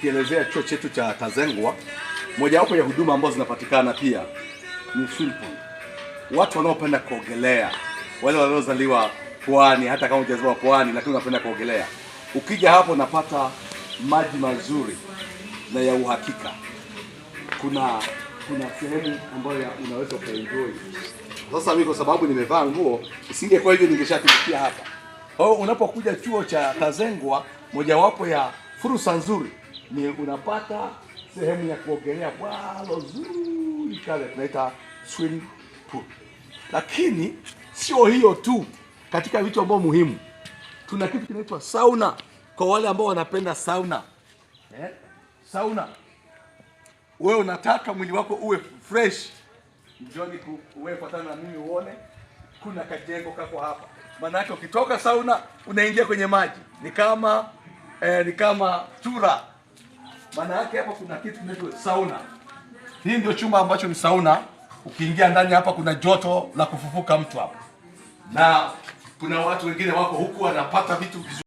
tukielezea chuo chetu cha Tazengwa, mojawapo ya huduma ambazo zinapatikana pia ni swimming pool. Watu wanaopenda kuogelea, wale waliozaliwa pwani, hata kama hujazaliwa pwani, lakini unapenda kuogelea, ukija hapo unapata maji mazuri na ya uhakika. Kuna kuna sehemu ambayo unaweza ukaenjoy. Sasa mimi kwa sababu nimevaa nguo, isingekuwa hivyo ningeshatumikia hapa. Kwa hiyo unapokuja chuo cha Tazengwa, mojawapo ya fursa nzuri ni unapata sehemu ya kuogelea bwalo zuri kale tunaita swimming pool. Lakini sio hiyo tu, katika vitu ambavyo muhimu tuna kitu kinaitwa sauna kwa wale ambao wanapenda sauna eh? Sauna, wewe unataka mwili wako uwe fresh, njoni uwe na mimi uone, kuna kajengo kako hapa. Maanake ukitoka sauna unaingia kwenye maji ni kama eh, ni kama chura maana yake hapa kuna kitu kinaitwa sauna. Hii ndio chumba ambacho ni sauna. Ukiingia ndani hapa kuna joto la kufufuka mtu hapa, na kuna watu wengine wako huku wanapata vitu vizuri.